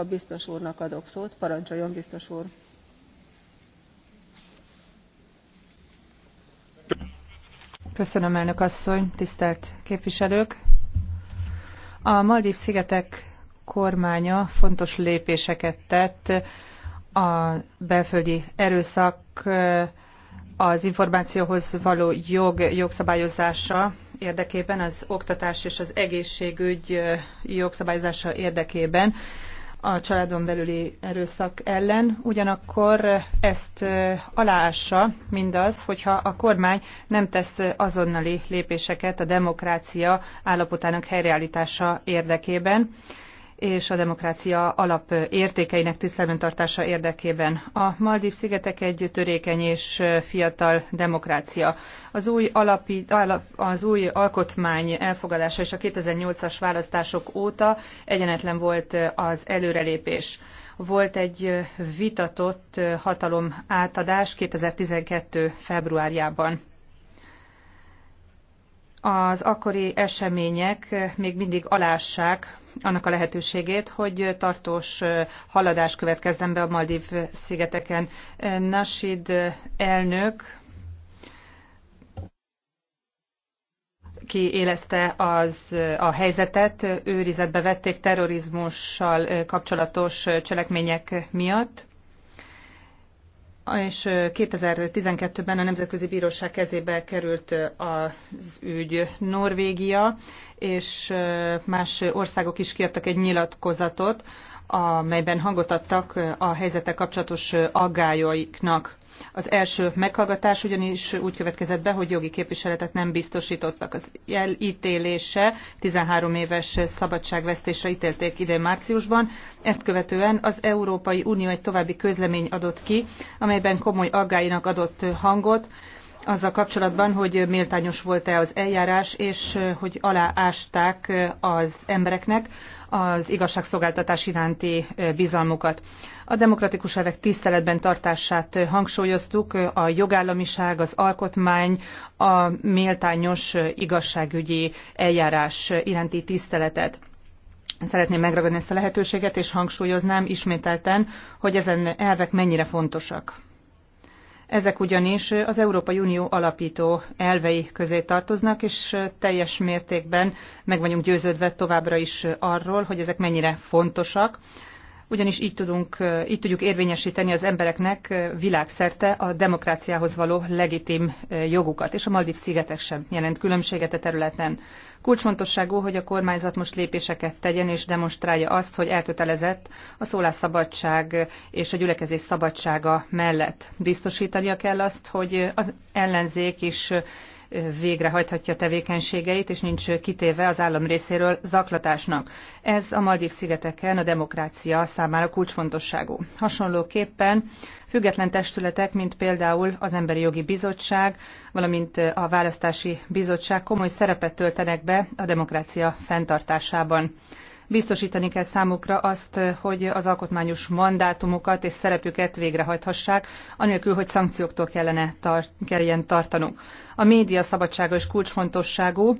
a biztos úrnak adok szót. Parancsoljon, biztos úr! Köszönöm, elnök asszony, tisztelt képviselők! A Maldív-szigetek kormánya fontos lépéseket tett a belföldi erőszak az információhoz való jog jogszabályozása érdekében, az oktatás és az egészségügy jogszabályozása érdekében a családon belüli erőszak ellen, ugyanakkor ezt aláássa mindaz, hogyha a kormány nem tesz azonnali lépéseket a demokrácia állapotának helyreállítása érdekében és a demokrácia alap értékeinek tiszteletben tartása érdekében. A Maldív-szigetek egy törékeny és fiatal demokrácia. Az új, alapi, alap, az új alkotmány elfogadása és a 2008-as választások óta egyenetlen volt az előrelépés volt egy vitatott hatalom átadás 2012. februárjában az akkori események még mindig alássák annak a lehetőségét, hogy tartós haladás következzen be a Maldív szigeteken. Nasid elnök kiélezte az, a helyzetet, őrizetbe vették terrorizmussal kapcsolatos cselekmények miatt és 2012-ben a Nemzetközi Bíróság kezébe került az ügy Norvégia, és más országok is kértek egy nyilatkozatot, amelyben hangot adtak a helyzettel kapcsolatos aggályaiknak. Az első meghallgatás ugyanis úgy következett be, hogy jogi képviseletet nem biztosítottak. Az elítélése 13 éves szabadságvesztésre ítélték ide márciusban. Ezt követően az Európai Unió egy további közlemény adott ki, amelyben komoly aggáinak adott hangot, azzal kapcsolatban, hogy méltányos volt-e az eljárás, és hogy aláásták az embereknek az igazságszolgáltatás iránti bizalmukat. A demokratikus elvek tiszteletben tartását hangsúlyoztuk, a jogállamiság, az alkotmány, a méltányos igazságügyi eljárás iránti tiszteletet. Szeretném megragadni ezt a lehetőséget, és hangsúlyoznám ismételten, hogy ezen elvek mennyire fontosak. Ezek ugyanis az Európai Unió alapító elvei közé tartoznak, és teljes mértékben meg vagyunk győződve továbbra is arról, hogy ezek mennyire fontosak ugyanis így, tudunk, így tudjuk érvényesíteni az embereknek világszerte a demokráciához való legitim jogukat, és a Maldív szigetek sem jelent különbséget a területen. Kulcsfontosságú, hogy a kormányzat most lépéseket tegyen és demonstrálja azt, hogy elkötelezett a szólásszabadság és a gyülekezés szabadsága mellett. Biztosítania kell azt, hogy az ellenzék is végrehajthatja tevékenységeit, és nincs kitéve az állam részéről zaklatásnak. Ez a Maldív szigeteken a demokrácia számára kulcsfontosságú. Hasonlóképpen független testületek, mint például az Emberi Jogi Bizottság, valamint a Választási Bizottság komoly szerepet töltenek be a demokrácia fenntartásában. Biztosítani kell számukra azt, hogy az alkotmányos mandátumokat és szerepüket végrehajthassák, anélkül, hogy szankcióktól kellene tar- kelljen tartanunk. A média szabadsága is kulcsfontosságú,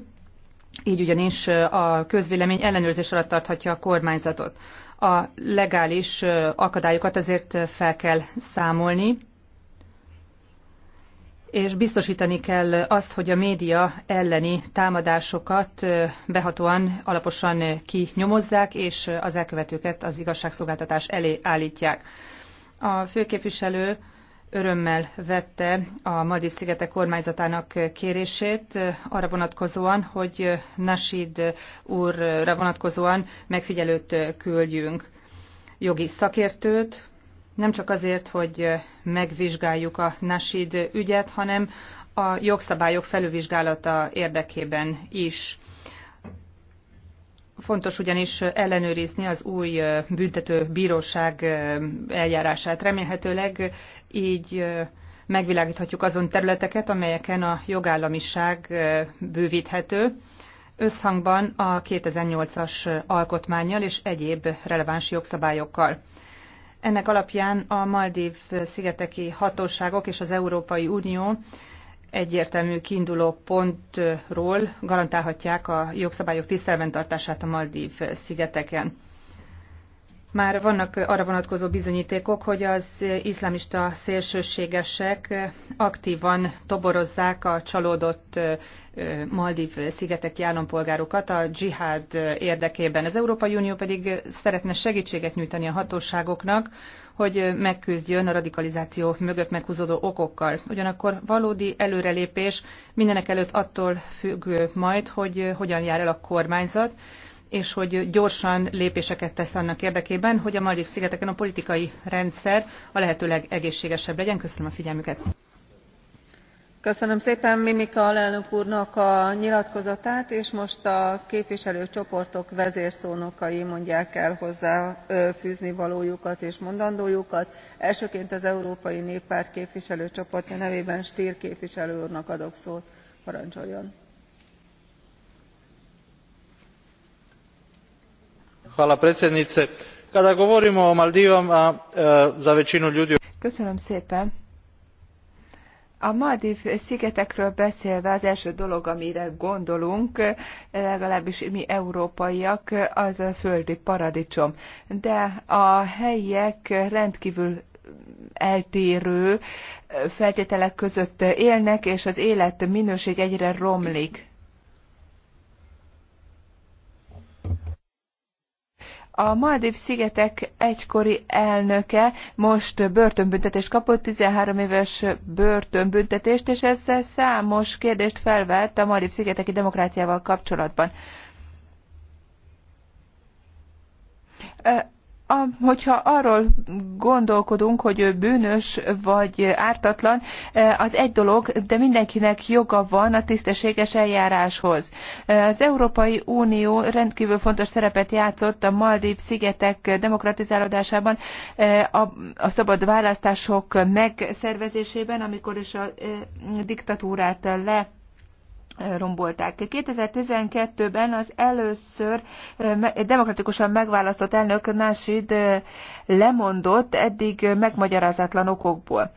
így ugyanis a közvélemény ellenőrzés alatt tarthatja a kormányzatot. A legális akadályokat ezért fel kell számolni, és biztosítani kell azt, hogy a média elleni támadásokat behatóan alaposan kinyomozzák, és az elkövetőket az igazságszolgáltatás elé állítják. A főképviselő örömmel vette a Maldív szigetek kormányzatának kérését arra vonatkozóan, hogy Nasid úrra vonatkozóan megfigyelőt küldjünk jogi szakértőt, nem csak azért, hogy megvizsgáljuk a Nasid ügyet, hanem a jogszabályok felülvizsgálata érdekében is. Fontos ugyanis ellenőrizni az új büntető bíróság eljárását. Remélhetőleg így megvilágíthatjuk azon területeket, amelyeken a jogállamiság bővíthető, összhangban a 2008-as alkotmányjal és egyéb releváns jogszabályokkal. Ennek alapján a Maldív szigeteki hatóságok és az Európai Unió egyértelmű kiinduló pontról garantálhatják a jogszabályok tiszteletben tartását a Maldív szigeteken már vannak arra vonatkozó bizonyítékok, hogy az iszlámista szélsőségesek aktívan toborozzák a csalódott Maldív szigeteki állampolgárokat a dzsihád érdekében. Az Európai Unió pedig szeretne segítséget nyújtani a hatóságoknak, hogy megküzdjön a radikalizáció mögött meghúzódó okokkal. Ugyanakkor valódi előrelépés mindenek előtt attól függ majd, hogy hogyan jár el a kormányzat, és hogy gyorsan lépéseket tesz annak érdekében, hogy a Maldív szigeteken a politikai rendszer a lehetőleg egészségesebb legyen. Köszönöm a figyelmüket. Köszönöm szépen Mimika alelnök úrnak a nyilatkozatát, és most a képviselőcsoportok vezérszónokai mondják el hozzá fűzni valójukat és mondandójukat. Elsőként az Európai Néppárt képviselőcsoportja nevében Stier képviselő úrnak adok szót. Parancsoljon! gospođo predsjednice kada govorimo o maldivima e, za većinu ljudi. köszönöm szépen. A Maldiv szigetekről beszélve az első dolog, amire gondolunk, legalábbis mi európaiak, az a földi paradicsom. De a helyiek rendkívül eltérő feltételek között élnek, és az életminőség egyre romlik. A Maldív szigetek egykori elnöke most börtönbüntetést kapott, 13 éves börtönbüntetést, és ezzel számos kérdést felvett a Maldív szigeteki demokráciával kapcsolatban a, hogyha arról gondolkodunk, hogy ő bűnös vagy ártatlan, e, az egy dolog, de mindenkinek joga van a tisztességes eljáráshoz. E, az Európai Unió rendkívül fontos szerepet játszott a Maldív szigetek demokratizálódásában, e, a, a szabad választások megszervezésében, amikor is a diktatúrát le rombolták. 2012-ben az először demokratikusan megválasztott elnök Nasid lemondott eddig megmagyarázatlan okokból.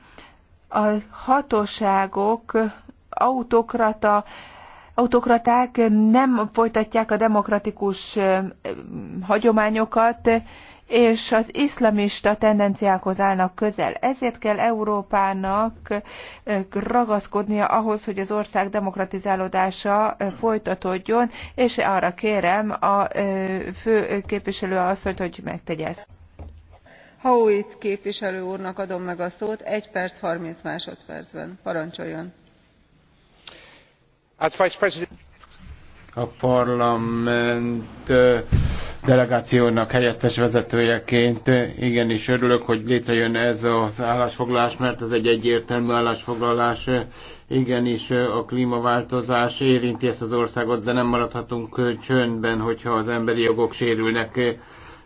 A hatóságok autokrata autokraták nem folytatják a demokratikus hagyományokat, és az iszlamista tendenciákhoz állnak közel. Ezért kell Európának ragaszkodnia ahhoz, hogy az ország demokratizálódása folytatódjon, és arra kérem a fő képviselő asszonyt, hogy megtegye ezt. Howitt képviselő úrnak adom meg a szót, Egy perc 30 másodpercben. Parancsoljon! A parlament delegációnak helyettes vezetőjeként igenis örülök, hogy létrejön ez az állásfoglalás, mert ez egy egyértelmű állásfoglalás. Igenis a klímaváltozás érinti ezt az országot, de nem maradhatunk csöndben, hogyha az emberi jogok sérülnek.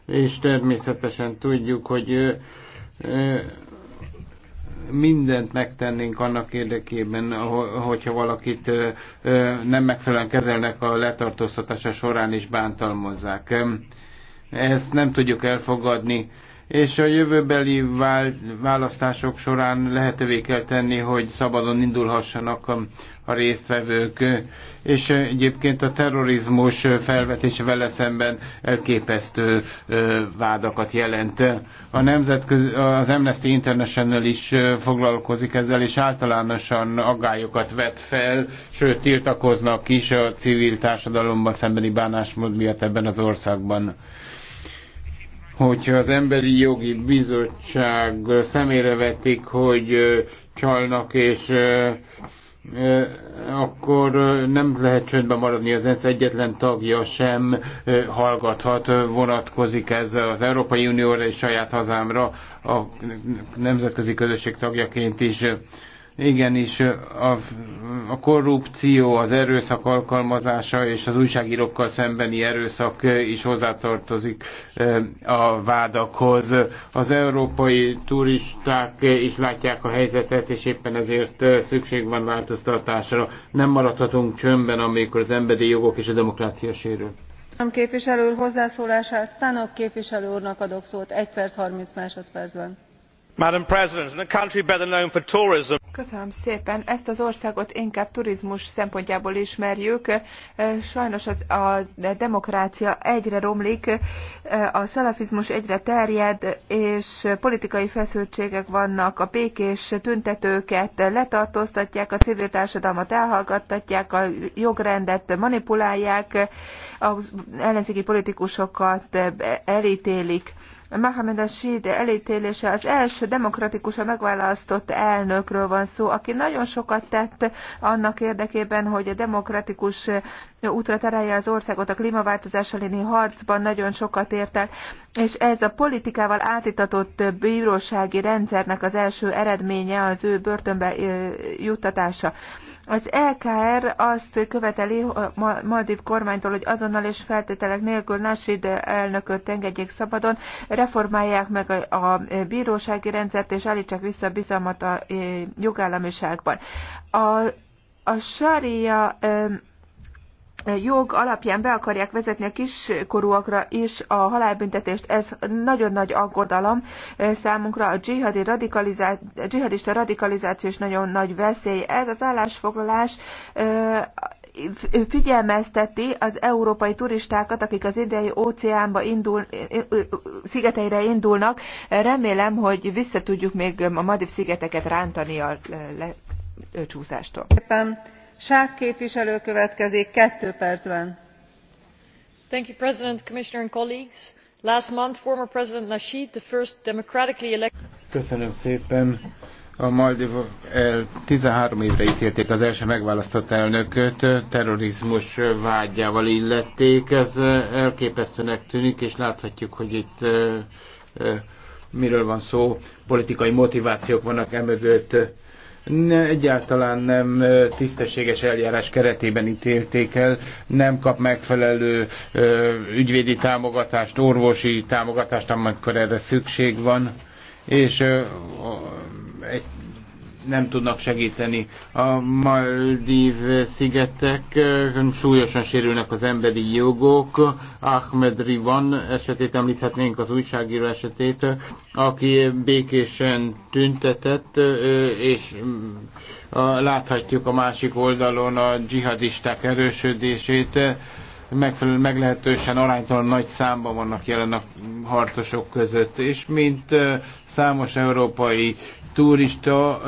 És természetesen tudjuk, hogy mindent megtennénk annak érdekében, hogyha valakit nem megfelelően kezelnek a letartóztatása során is bántalmazzák. Ezt nem tudjuk elfogadni és a jövőbeli választások során lehetővé kell tenni, hogy szabadon indulhassanak a résztvevők, és egyébként a terrorizmus felvetése vele szemben elképesztő vádakat jelent. A nemzetközi, az Amnesty International is foglalkozik ezzel, és általánosan aggályokat vet fel, sőt tiltakoznak is a civil társadalomban szembeni bánásmód miatt ebben az országban hogyha az Emberi Jogi Bizottság szemére vetik, hogy csalnak, és akkor nem lehet csöndbe maradni, az ENSZ egyetlen tagja sem hallgathat, vonatkozik ez az Európai Unióra és saját hazámra, a nemzetközi közösség tagjaként is. Igenis, a, a korrupció, az erőszak alkalmazása és az újságírókkal szembeni erőszak is hozzátartozik a vádakhoz. Az európai turisták is látják a helyzetet, és éppen ezért szükség van változtatásra. Nem maradhatunk csömbben, amikor az emberi jogok és a demokrácia sérül. Nem képviselő úr hozzászólását Tánok képviselő úrnak adok szót. 1 perc 30 másodpercben madam president in a country better known for tourism. köszönöm szépen ezt az országot inkább turizmus szempontjából ismerjük sajnos az, a demokrácia egyre romlik a szalafizmus egyre terjed és politikai feszültségek vannak a békés tüntetőket letartóztatják a civil társadalmat elhallgattatják a jogrendet manipulálják az ellenzéki politikusokat eltélik. Mohamed Ashid elítélése az első demokratikusan megválasztott elnökről van szó, aki nagyon sokat tett annak érdekében, hogy a demokratikus útra terelje az országot a klímaváltozás elleni harcban, nagyon sokat ért el, és ez a politikával átitatott bírósági rendszernek az első eredménye az ő börtönbe juttatása. Az LKR azt követeli a Maldív kormánytól, hogy azonnal és feltételek nélkül Nasid elnököt engedjék szabadon, reformálják meg a bírósági rendszert, és állítsák vissza a bizalmat a e, jogállamiságban. A, a sária jog alapján be akarják vezetni a kiskorúakra is a halálbüntetést. Ez nagyon nagy aggodalom eh, számunkra. A dzsihadi radikalizá... dzsihadista radikalizáció is nagyon nagy veszély. Ez az állásfoglalás eh, figyelmezteti az európai turistákat, akik az idei óceánba indul, eh, szigeteire indulnak. Remélem, hogy vissza tudjuk még a Madiv szigeteket rántani a lecsúszástól. Le, mr president commissioner and colleagues last month former president nasheed the first democratically elected. a maldivok eh, thirteen évre télték az első megválasztott elnököt eh, terrorizmus eh, vádjával illették. ez elképesztőnek tűnik és láthatjuk hogy itt miről van szó politikai motivációk vannak mögött ne, egyáltalán nem tisztességes eljárás keretében ítélték el, nem kap megfelelő ö, ügyvédi támogatást, orvosi támogatást, amikor erre szükség van, és ö, egy nem tudnak segíteni. A Maldív szigetek súlyosan sérülnek az emberi jogok. Ahmed Rivan esetét említhetnénk az újságíró esetét, aki békésen tüntetett, és mm, láthatjuk a másik oldalon a dzsihadisták erősödését Megfelelően meglehetősen aránytalan nagy számban vannak jelen a harcosok között, és mint számos európai turista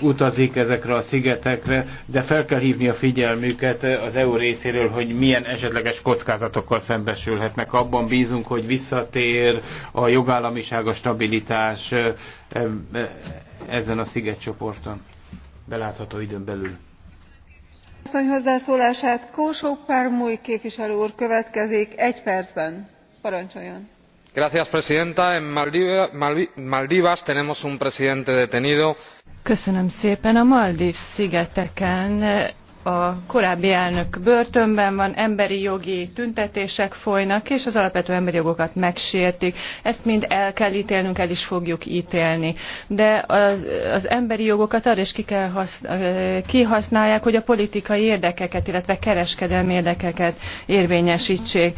utazik ezekre a szigetekre, de fel kell hívni a figyelmüket az EU részéről, hogy milyen esetleges kockázatokkal szembesülhetnek. Abban bízunk, hogy visszatér a jogállamiság, a stabilitás ezen a szigetcsoporton belátható időn belül. Asszony hozzászólását Kósó Pármúj képviselő úr következik egy percben. Parancsoljon! señora presidenta en maldivas tenemos un presidente detenido. köszönöm szépen a maldiv szigeteken eh, a korábbi elnök börtönben van emberi jogi tüntetések folynak és az alapvető emberi jogokat megsértik ezt mind el kell télnünk el is fogjuk télni de az, az emberi jogokat arra is ki kell használ, eh, kihasználják hogy a politikai érdekeket illetve kereskedelmi érdekeket érvényestsék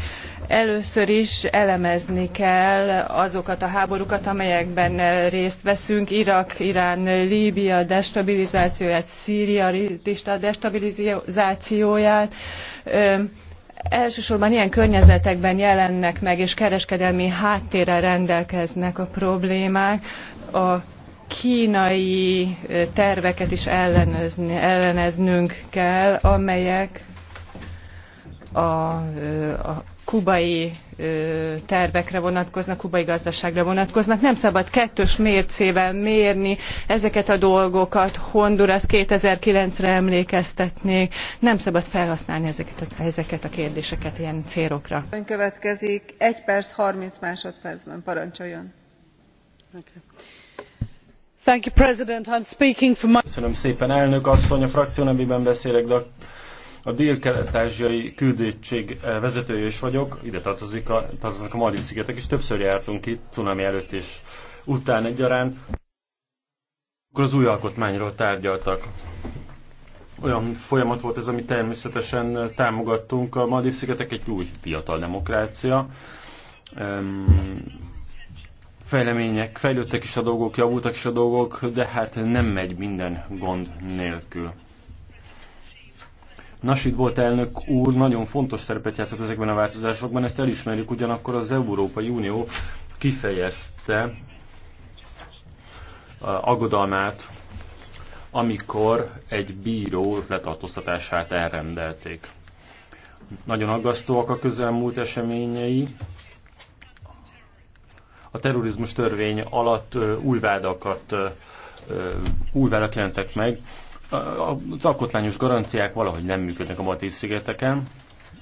Először is elemezni kell azokat a háborúkat, amelyekben részt veszünk. Irak, Irán, Líbia destabilizációját, Szíria destabilizációját elsősorban ilyen környezetekben jelennek meg és kereskedelmi háttérrel rendelkeznek a problémák a kínai terveket is ellenőzni, elleneznünk kell amelyek a, a kubai tervekre vonatkoznak, kubai gazdaságra vonatkoznak. Nem szabad kettős mércével mérni ezeket a dolgokat. Honduras 2009-re emlékeztetnék. Nem szabad felhasználni ezeket a, ezeket a kérdéseket ilyen célokra. Ön következik. 1 perc 30 másodpercben. Parancsoljon. Okay. Thank you, President. I'm speaking for my... Köszönöm szépen, elnök asszony. A frakció nevében beszélek, de a dél-kelet-ázsiai küldöttség eh, vezetője is vagyok, ide tartozik a, tartoznak a Maldiv szigetek, is, többször jártunk itt, cunami előtt és után egyaránt. Akkor az új alkotmányról tárgyaltak. Olyan folyamat volt ez, ami természetesen támogattunk. A Maldiv szigetek egy új fiatal demokrácia. Um, fejlemények, fejlődtek is a dolgok, javultak is a dolgok, de hát nem megy minden gond nélkül. Nasid volt elnök úr nagyon fontos szerepet játszott ezekben a változásokban, ezt elismerjük, ugyanakkor az Európai Unió kifejezte aggodalmát, amikor egy bíró letartóztatását elrendelték. Nagyon aggasztóak a közelmúlt eseményei. A terrorizmus törvény alatt új vádakat új vádak jelentek meg, az alkotmányos garanciák valahogy nem működnek a Matív-szigeteken.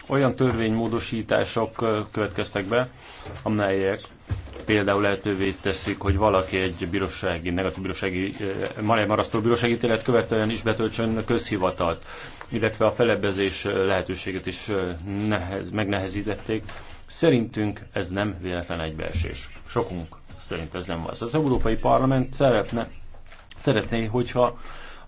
Olyan törvénymódosítások következtek be, amelyek például lehetővé teszik, hogy valaki egy bírósági, negatív bírósági, marasztó bírósági ítélet követően is betöltsön közhivatalt, illetve a felebezés lehetőséget is nehez, megnehezítették. Szerintünk ez nem véletlen egybeesés. Sokunk szerint ez nem az. Az Európai Parlament szeretne, szeretné, hogyha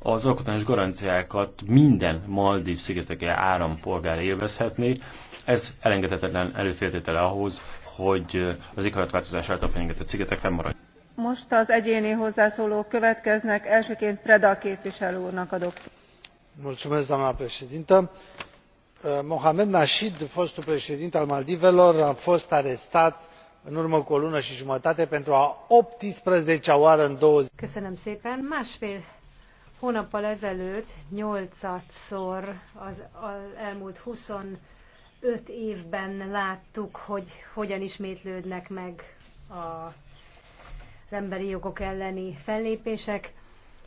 az alkotmányos garanciákat minden Maldív szigeteke árampolgár élvezhetné. Ez elengedhetetlen előfeltétele ahhoz, hogy az éghajlatváltozás által fenyegetett szigetek fennmaradj. Most az egyéni hozzászólók következnek. Elsőként Preda képviselő úrnak adok szót. doamna președintă eh, mohamed nasheed fostul președinte al maldivelor a fost arestat în urmă cu o lună și jumătate pentru a 18-a oară în două zile hónappal ezelőtt nyolcadszor az, elmúlt 25 évben láttuk, hogy hogyan ismétlődnek meg a, az emberi jogok elleni fellépések.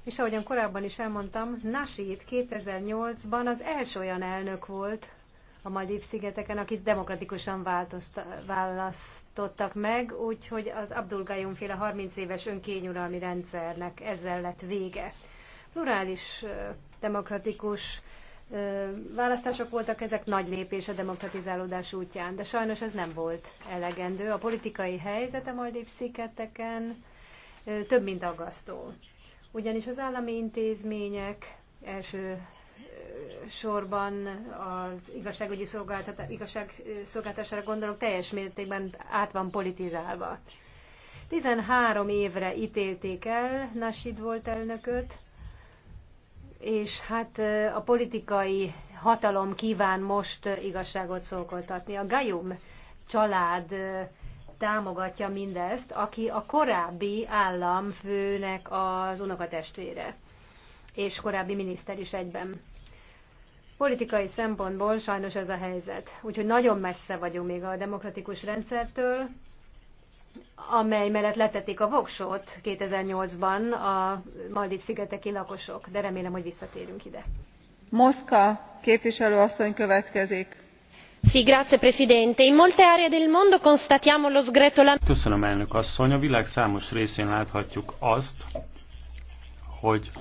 És ahogyan korábban is elmondtam, Nasheed 2008-ban az első olyan elnök volt a Maldív-szigeteken, akit demokratikusan választottak meg, úgyhogy az Abdul Gayum féle 30 éves önkényuralmi rendszernek ezzel lett vége plurális demokratikus választások voltak, ezek nagy lépés a demokratizálódás útján, de sajnos ez nem volt elegendő. A politikai helyzet a Maldív szigeteken több, mint aggasztó. Ugyanis az állami intézmények első sorban az igazságügyi igazságszolgáltására gondolok teljes mértékben át van politizálva. 13 évre ítélték el Nasid volt elnököt, és hát a politikai hatalom kíván most igazságot szolgoltatni. A Gajum család támogatja mindezt, aki a korábbi államfőnek az unokatestvére, és korábbi miniszter is egyben. Politikai szempontból sajnos ez a helyzet. Úgyhogy nagyon messze vagyunk még a demokratikus rendszertől, amely mellett letették a voksót 2008-ban a Maldív-szigeteki lakosok, de remélem, hogy visszatérünk ide. Moszka képviselő asszony következik. grazie Presidente, in molte aree del mondo constatiamo lo sgretolamento. Köszönöm, elnök asszony. A világ számos részén láthatjuk azt, hogy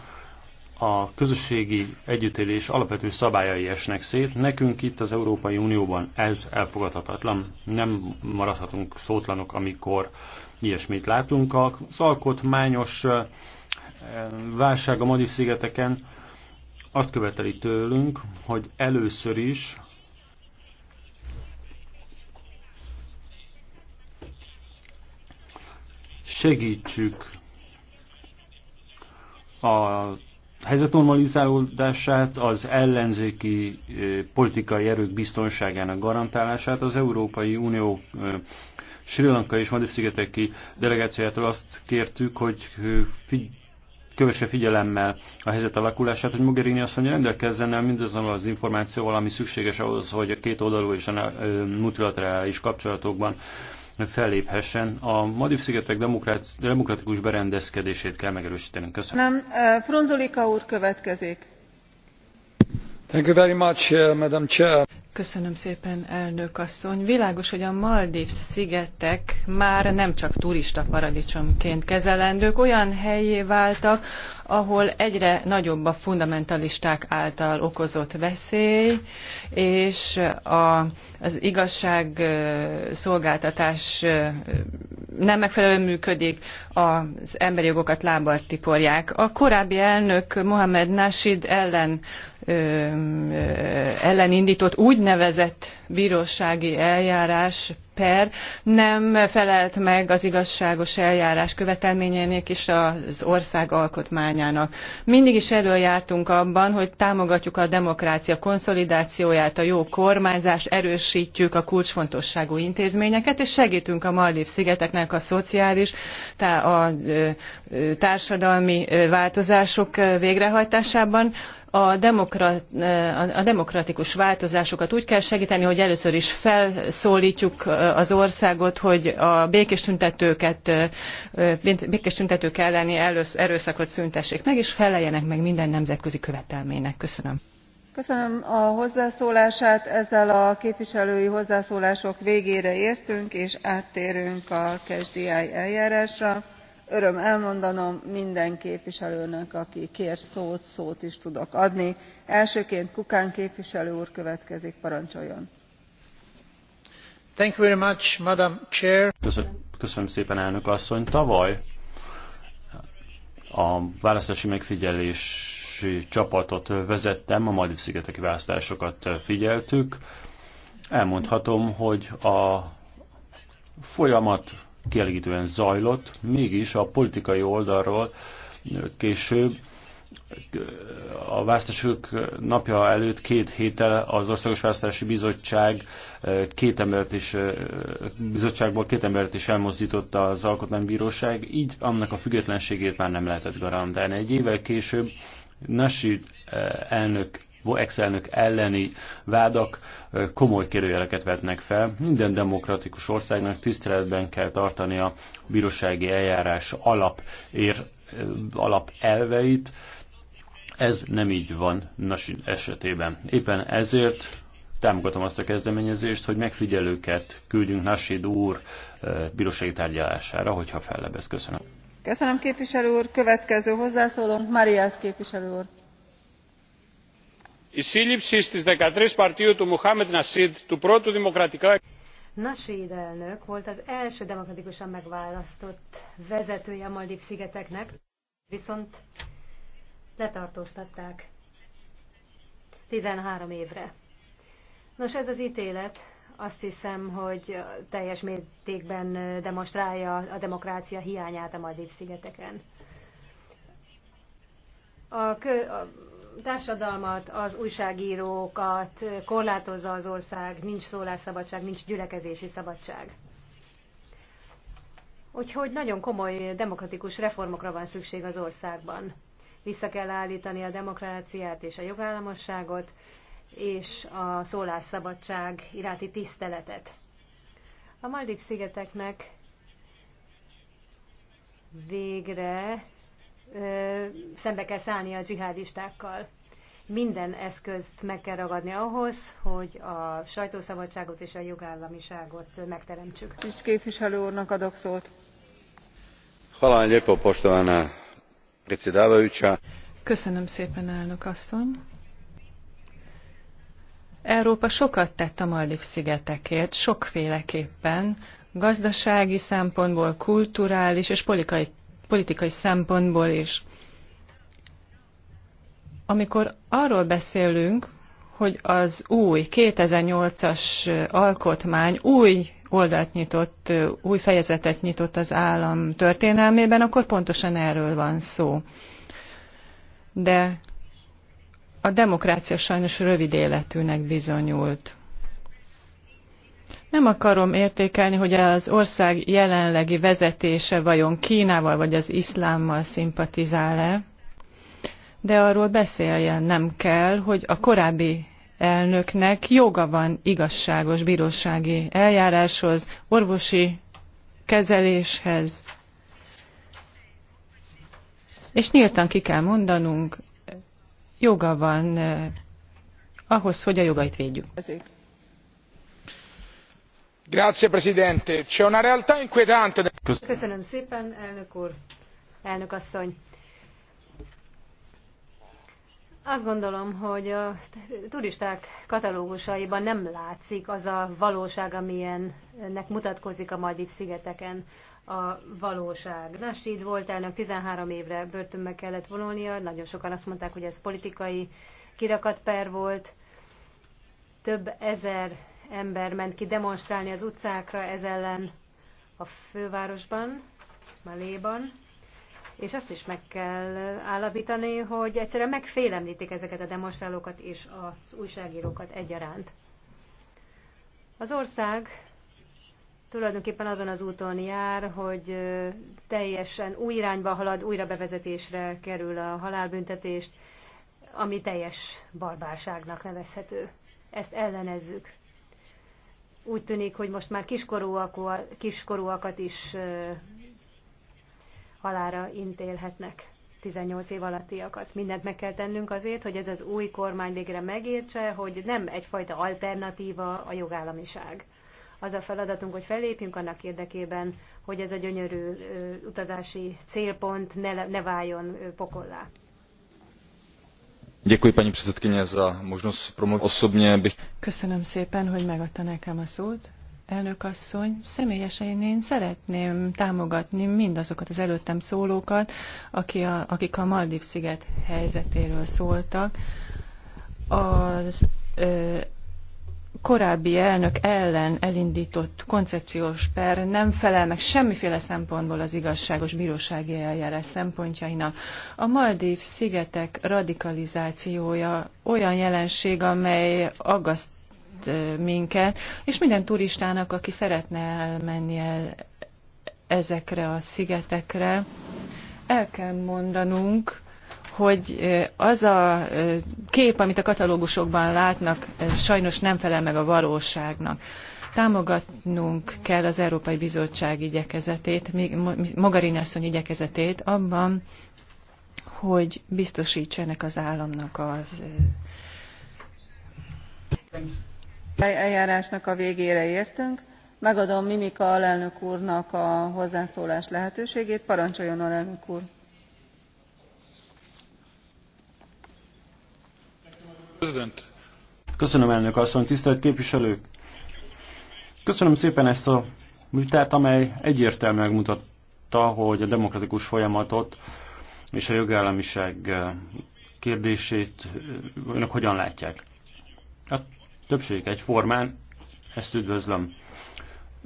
a közösségi együttélés alapvető szabályai esnek szét. Nekünk itt az Európai Unióban ez elfogadhatatlan. Nem maradhatunk szótlanok, amikor ilyesmit látunk. Az alkotmányos eh, válság a Madiv-szigeteken azt követeli tőlünk, hogy először is segítsük a helyzet normalizálódását, az ellenzéki politikai erők biztonságának garantálását, az Európai Unió Sri Lanka és Madrid-szigeteki delegációjától azt kértük, hogy figy kövesse figyelemmel a helyzet alakulását, hogy Mogherini asszony rendelkezzen el mindazon az információval, ami szükséges ahhoz, hogy a két oldalú és a multilaterális kapcsolatokban felléphessen. A Madiv-szigetek demokratikus berendezkedését kell megerősíteni. Köszönöm. Nem, Fronzolika úr következik. Thank you very much, uh, Madam Chair. Köszönöm szépen, elnök asszony. Világos, hogy a Maldív szigetek már nem csak turista paradicsomként kezelendők, olyan helyé váltak, ahol egyre nagyobb a fundamentalisták által okozott veszély, és a, az igazság szolgáltatás nem megfelelően működik, az emberi jogokat lábbal tiporják. A korábbi elnök Mohamed Nasid ellen ellen indított úgynevezett bírósági eljárás per nem felelt meg az igazságos eljárás követelményeinek és az ország alkotmányának. Mindig is előjártunk abban, hogy támogatjuk a demokrácia konszolidációját, a jó kormányzást, erősítjük a kulcsfontosságú intézményeket, és segítünk a Maldív szigeteknek a szociális, tá a társadalmi változások végrehajtásában a, demokrat, a demokratikus változásokat úgy kell segíteni, hogy először is felszólítjuk az országot, hogy a békés tüntetőket, békés tüntetők elleni erőszakot szüntessék meg, és feleljenek meg minden nemzetközi követelménynek. Köszönöm. Köszönöm a hozzászólását, ezzel a képviselői hozzászólások végére értünk, és áttérünk a KSDI eljárásra öröm elmondanom minden képviselőnek aki kért szót szót is tudok adni. elsőként kukan képviselő úr következik parancsoljon! Köszönöm, köszönöm szépen, elnök asszony. tavaly a választási megfigyelési csapatot vezettem a maldiv szigeteki választásokat figyeltük. elmondhatom hogy a folyamat kielégítően zajlott, mégis a politikai oldalról később a választások napja előtt két héttel az Országos Választási Bizottság eh, két embert is, eh, bizottságból két embert is elmozdította az Alkotmánybíróság, így annak a függetlenségét már nem lehetett garantálni. Egy évvel később Nasi eh, elnök ex elleni vádak komoly kérőjeleket vetnek fel. Minden demokratikus országnak tiszteletben kell tartani a bírósági eljárás alap, ér, alap elveit. Ez nem így van Nasin esetében. Éppen ezért támogatom azt a kezdeményezést, hogy megfigyelőket küldjünk Nasid úr bírósági tárgyalására, hogyha fellebez. Köszönöm. Köszönöm képviselő úr. Következő hozzászólónk Mariász képviselő úr η σύλληψη στις 13 Μαρτίου του Μουχάμετ Νασίδ, του πρώτου δημοκρατικά... Nasid elnök volt az első demokratikusan megválasztott vezetője a Maldív-szigeteknek, viszont letartóztatták 13 évre. Nos, ez az ítélet azt hiszem, hogy teljes mértékben demonstrálja a demokrácia hiányát a Maldív-szigeteken. A, kö, a társadalmat, az újságírókat korlátozza az ország, nincs szólásszabadság, nincs gyülekezési szabadság. Úgyhogy nagyon komoly demokratikus reformokra van szükség az országban. Vissza kell állítani a demokráciát és a jogállamosságot, és a szólásszabadság iráti tiszteletet. A Maldiv szigeteknek végre szembe kell szállni a dzsihádistákkal. Minden eszközt meg kell ragadni ahhoz, hogy a sajtószabadságot és a jogállamiságot megteremtsük. Kis képviselő úrnak adok szót. Köszönöm szépen, elnök asszony. Európa sokat tett a Maldiv-szigetekért, sokféleképpen, gazdasági szempontból, kulturális és politikai politikai szempontból is. Amikor arról beszélünk, hogy az új 2008-as alkotmány új oldalt nyitott, új fejezetet nyitott az állam történelmében, akkor pontosan erről van szó. De a demokrácia sajnos rövid életűnek bizonyult. Nem akarom értékelni, hogy az ország jelenlegi vezetése vajon Kínával vagy az iszlámmal szimpatizál-e, de arról beszéljen nem kell, hogy a korábbi elnöknek joga van igazságos bírósági eljáráshoz, orvosi kezeléshez. És nyíltan ki kell mondanunk, joga van eh, ahhoz, hogy a jogait védjük. Ezért signor presidente c'è una azt gondolom hogy a turisták katalógusaiban nem látszik az a valóság amilyennek mutatkozik a Maldiv szigeteken a valóság. nasheed volt elnök thirteen évre börtönbe kellett vonulnia, nagyon sokan azt mondták, hogy ez politikai kirakatper volt. Több ezer ember ment ki demonstrálni az utcákra ez ellen a fővárosban, Maléban, és azt is meg kell állapítani, hogy egyszerűen megfélemlítik ezeket a demonstrálókat és az újságírókat egyaránt. Az ország tulajdonképpen azon az úton jár, hogy teljesen új irányba halad, újra bevezetésre kerül a halálbüntetést, ami teljes barbárságnak nevezhető. Ezt ellenezzük úgy tűnik, hogy most már kiskorúak, kiskorúakat is halára intélhetnek, 18 év alattiakat. Mindent meg kell tennünk azért, hogy ez az új kormány végre megértse, hogy nem egyfajta alternatíva a jogállamiság. Az a feladatunk, hogy fellépjünk annak érdekében, hogy ez a gyönyörű utazási célpont ne, ne váljon pokollá. Děkuji paní předsedkyně za možnost promluvit. Osobně bych... Köszönöm szépen, hogy megadta nekem a szót. Elnök asszony, személyesen én szeretném támogatni mindazokat az előttem szólókat, aki a, akik a maldiv sziget helyzetéről szóltak. Az ö, korábbi elnök ellen elindított koncepciós per nem felel meg semmiféle szempontból az igazságos bírósági eljárás szempontjainak. A Maldív szigetek radikalizációja olyan jelenség, amely aggaszt minket, és minden turistának, aki szeretne elmenni el ezekre a szigetekre, el kell mondanunk, hogy az a kép, amit a katalógusokban látnak, sajnos nem felel meg a valóságnak. Támogatnunk kell az Európai Bizottság igyekezetét, Magarini asszony igyekezetét abban, hogy biztosítsenek az államnak az eljárásnak a végére értünk megadom Mimika alelnök úrnak a hozzászólás lehetőségét parancsoljon alelnök úr! Köszönöm elnök asszony, tisztelt képviselők! Köszönöm szépen ezt a vitát, amely egyértelműen megmutatta, hogy a demokratikus folyamatot és a jogállamiság kérdését önök hogyan látják. A többség egyformán, ezt üdvözlöm.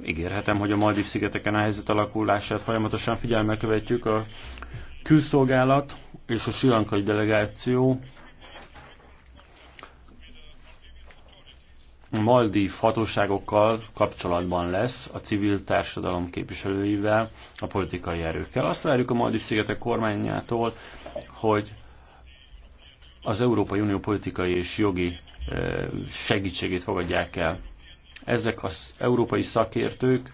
Ígérhetem, hogy a Maldiv szigeteken a helyzet alakulását folyamatosan figyelme követjük. A külszolgálat és a silankai delegáció Maldív hatóságokkal kapcsolatban lesz a civil társadalom képviselőivel, a politikai erőkkel. Azt várjuk a Maldív szigetek kormányától, hogy az Európai Unió politikai és jogi eh, segítségét fogadják el. Ezek az európai szakértők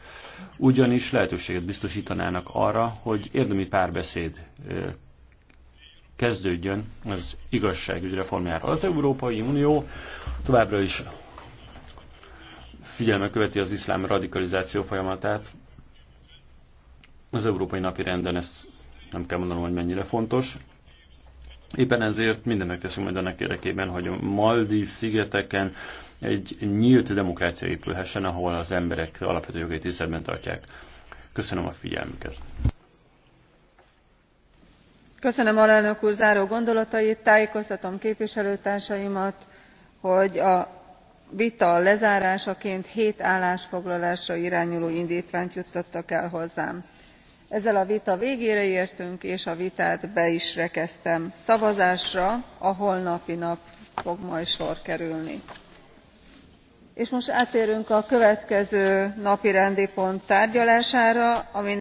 ugyanis lehetőséget biztosítanának arra, hogy érdemi párbeszéd eh, kezdődjön az igazságügy reformjára. Az Európai Unió továbbra is figyelme követi az iszlám radikalizáció folyamatát. Az európai napi renden ez nem kell mondanom, hogy mennyire fontos. Éppen ezért mindent megteszünk majd annak érdekében, hogy a Maldív szigeteken egy nyílt demokrácia épülhessen, ahol az emberek alapvető jogait tiszteletben tartják. Köszönöm a figyelmüket. Köszönöm alelnök úr záró gondolatait, tájékoztatom képviselőtársaimat, hogy a vita lezárásaként hét állásfoglalásra irányuló indtványt juttattak el hozzám. ezzel a vita végére értünk és a vitát be is rekeztem. szavazásra a holnapi nap fog majd sor kerülni. és most áttérünk a következő napirendi pont tárgyalására ami